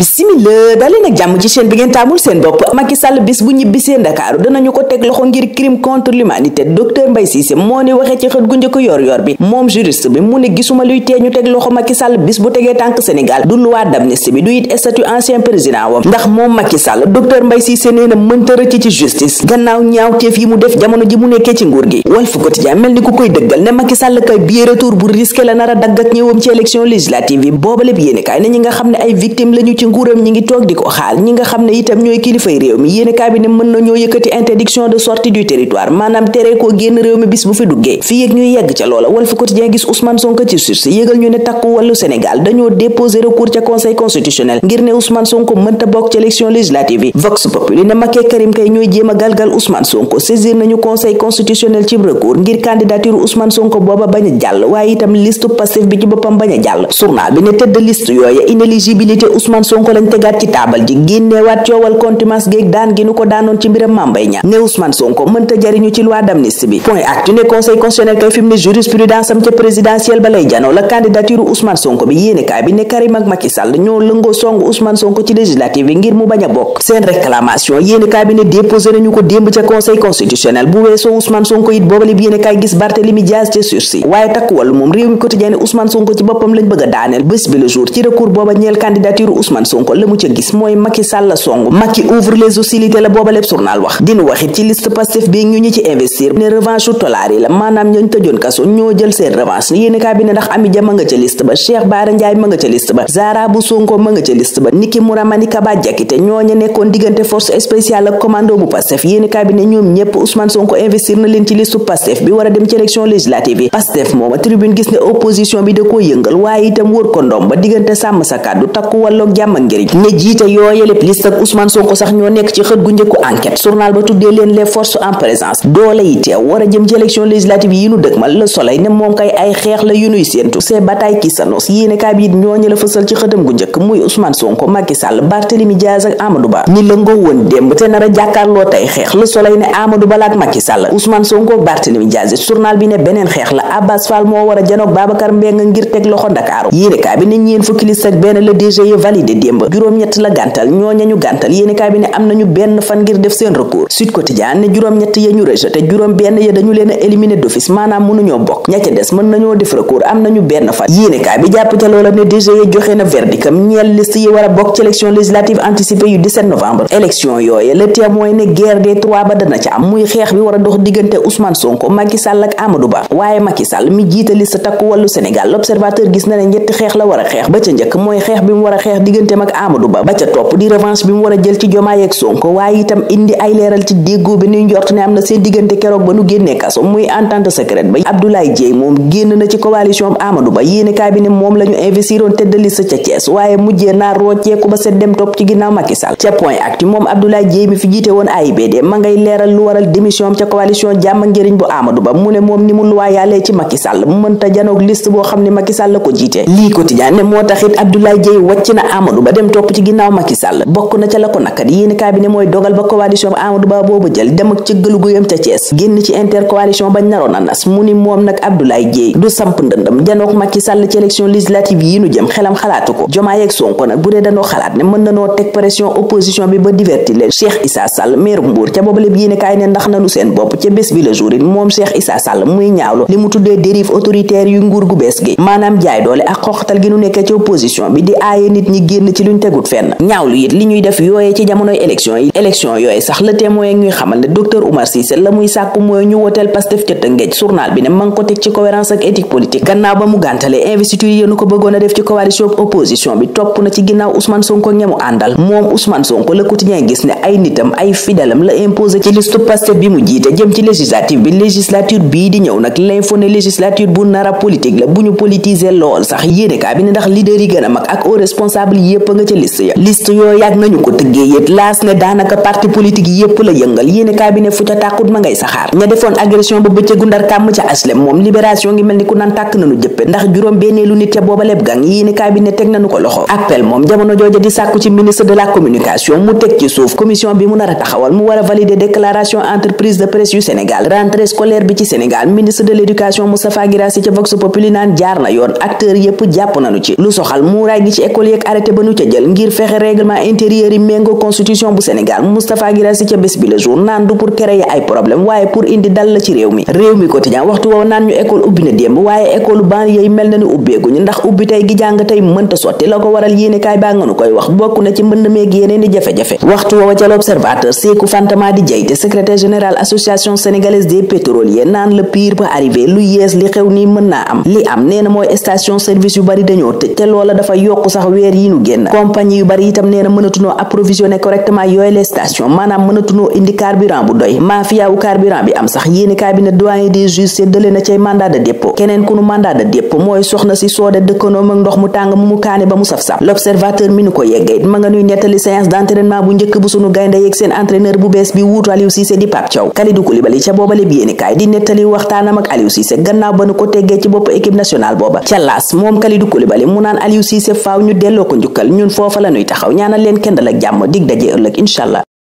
bisimila daal leen ak jàmm ci chaîne bi seen bopp Macky Sall bis bu ñibbisee Ndakaaru danañu ko teg loxo ngir crime contre l'humanité docteur Mbaye Cissé moom juriste bi mu ne gisuma luy tee ñu teg loxo Macky Sall bis bu tegee tànk Sénégal du loi d'amnistie bi du it statut ancien président ndax moom Macky Sall docteur Mbaye Cissé nee mënta rëcc ci justice gannaaw ñaawteef yi mu def jamono ji mu nekkee ci nguur gi Walf Quotidien mel ni a nguuram ñi ngi toog di ko xaal ñi nga mënta bokk ci élection législative yi Vox Populi ne Macky Karim kay ñooy jéem a galgal Ousmane Sonko saisir booba bañ jàll waaye itam liste Pastef bi ci boppam bañ jàll journal bi ne tëdd liste yooya inéligibilité Ousmane Sonko Sonko lañ tegaat ci taabal ji génneewaat coowal contumace géeg daan gi ko daanoon ci mbiram mambay ña ne Ousmane Sonko mënta jariñu ci loi d'amnistie bi point actu ne conseil bi ne Karim bi ne déposé nañu ko démb ca conseil constitutionnel bu weesoo Ousmane Sonko it boobalib yéenekaay gis Barthélémy Dias ca sursis waaye takk wàllu moom réew mi quotidien Ousmane Sonko ci boppam lañ bëgg daaneel bés bi le jour ci recours booba ñeel candidature Ousmane Ousmane Sonko la mu ca gis mooy Macky Sall la song ouvre les hostilités la booba lépp journal wax dinu waxit ci liste Pastef bi ñu ñi ci investir ne revanche tolaar yi la maanaam ñooñ tëjoon kaso ñoo jël seen ca liste ba Niki Mouramani Kaba Diakité ñooña nekkoon diggante force spéciale ak commando bu Pastef yéeni kaa bi ne ñoom ñépp Ousmane Sonko investir na leen ci listu Pastef bi war dem ci élection législative yi Pastef mooma tribune gis ne opposition jàmm ak njëriñ ne jiite yooye lépp liste ak Ousmane Sonko sax ñoo nekk ci xët gu njëkku enquête journal ba tuddee leen les forces en présence doole yi teew war a jëm ci élection législative yi nu dëgmal Le Soleil ne moom kay ay xeex la yu nuy séentu c'est bataille qui s'annonce yéene kaa bi it ñooñu la fësal ci xëtam gu njëkk muy Ousmane Sonko Macky Sall Barthélemy Diaz ak Amadou Ba ñi la ngoo woon démb te nar a jàkkaarloo tey xeex Le Soleil ne Amadou Ba la ak Macky Sall Ousmane Sonko Barthélemy Diaz journal bi ne beneen xeex la Abbas Fall moo war a janoog Babacar Mbengue ngir teg loxo Ndakaaru yéene kaa bi ne ñeen fukki liste ak benn la DG yi e validé démb juróom-ñett la gàntal ñooña ñu gàntal yéenekaay bi ne am nañu benn fan ngir def seen recours Sud Quotidien ne juróom-ñett ya ñu rejeté juróom benn ya dañu leen a d'office maanaam mënuñoo bokk ña des mën nañoo def recours am nañu benn fan yéenekaay bi jàpp ca loola ne joxe na verdictam ñeel liste yi war a bokk ci élection législative anticipée yu 17 novembre élection yooye le témoin ne guerre des trois ba dana ca am a dox diggante Ousmane Sonko Macky Sall ak xeex la war a xeex digganteem ak Amadou Ba ba ca topp di revanche bi mu war a jël ci Jomaay ak Sonko waaye itam indi ay leeral ci déggoo bi nuy njort ne am na seen ba nu génnee kaso muy entente secrète yéene kaay bi ne moom la ñu investiroon tête ca Thiès waaye mujjee naa rocceeku ba set topp ci ginnaaw Macky ca point actu moom Abdoulaye Dieye mi fi jiite woon AIBD ma ngay leeral lu waral démission ca coalition jàmm njëriñ bu Amadou Ba mu ne moom ni mu luwaayaalee ci Macky mënta janoog liste boo xam ne Macky Sall la ko jiite lii quotidien Amadou Ba dem topp ci ginnaaw Macky Sall bokk na ca la ko nakkat yéenekaay bi ne mooy dogal ba coalition Amadou Ba boobu jël dem ak cëggalu guyam ca Thiès génn ci intercoalition bañ naroon a nas mu ni moom nag Abdoulaye Dièye du samp ndëndam janook Macky Sall ci élection législative yi nu jëm xelam xalaatu ko Diomaye ak Sonko nag bu dee danoo xalaat ne mën nanoo teg pression opposition bi ba divertir leen Cheikh Issa Sall maire Mbour ca boobu lépp gi maanaam jaay génn ci luñ tegut fenn ñaawlu it li ñuy def yooye ci jamonoy élection yi élection yooye sax le témoin ñuy xamal ne docteur Oumar Cissé la muy sàkku mooy ñu woteel Pastef ca Tëngéej journal bi ne man ko teg ci cohérence ak éthique politique gannaaw ba mu gàntalee investiture yi yéenu ko bëggoon a def ci coalition opposition bi topp na ci ginnaaw Ousmane Sonko ñemu àndal moom Ousmane Sonko le quotidien gis ne ay nitam ay fidalam la imposé ci liste Pastef bu nara politique la bu ñu politiser lool sax yéene kaa a yépp nga ca liste ya liste yoo yàgg nañu ko tëggee yët laas ne daanaka parti politique yépp la yëngal yéene cabinet fu ca tàkkut ma ngay saxaar ña defoon agression ba bëccëgu ndar kàmm ca aslem moom libération ngi mel ni ku naan tàkk nañu jëppe ndax juróom benneelu nit ca booba leb gang yéene cabinet teg nañu ko loxo appel moom jamono jooja di sàkku ci ministre de la communication mu teg ci suuf commission bi mu nar a taxawal mu war a valider déclaration entreprise de presse yu sénégal rentrée scolaire bi ci sénégal ministre de l'éducation moustapha guirassy ca vox populi naan jaar na yoon acteur yépp jàpp nañu ci lu soxal muuraay gi ci école yeeg arrêté ba ñu ca jël ngir fexe règlement intérieur yi méngoo constitution bu Sénégal Moustapha Guirassy ca bés bi le naan du pour créer ay problème waaye pour indi dal la ci réew mi réew mi quotidien waxtu woow naan ñu école ubbi na démb waaye école banlieue yi mel na ni ubbeeguñu ndax ubbi tey gi jàng tey mënta sotti la ko waral yéene kaay baa nga nu koy wax bokk na ci mbënd meeg yeneen di jafe-jafe waxtu woowa ca l'observateur Sékou Fantamadi Diaité secrétaire te loola dafa génn compagnie yu bari itam nee mënatunoo approvisionné correctement yooyu les stations maanaam mënatunoo indi carburant bu doy mafia wu carburant bi am sax yéeni kaay bi ne doyen des juges séddale bu njëkk bu sunu gaynde yeeg seen entraîneur bu bees bi wuutu Aliou Cissé di Pape Thiaw Kalidou Koulibaly ca boobale bi yéeni kaay di nettali waxtaanam ak Aliou Cissé gannaaw ba nu ko teggee ci bopp équipe nationale booba ca laas moom Kalidou Koulibaly mu naan njukkal ñun foofa la ñuy taxaw ñaana leen kenn dal ak jàmm dig daje ëllëg incha allah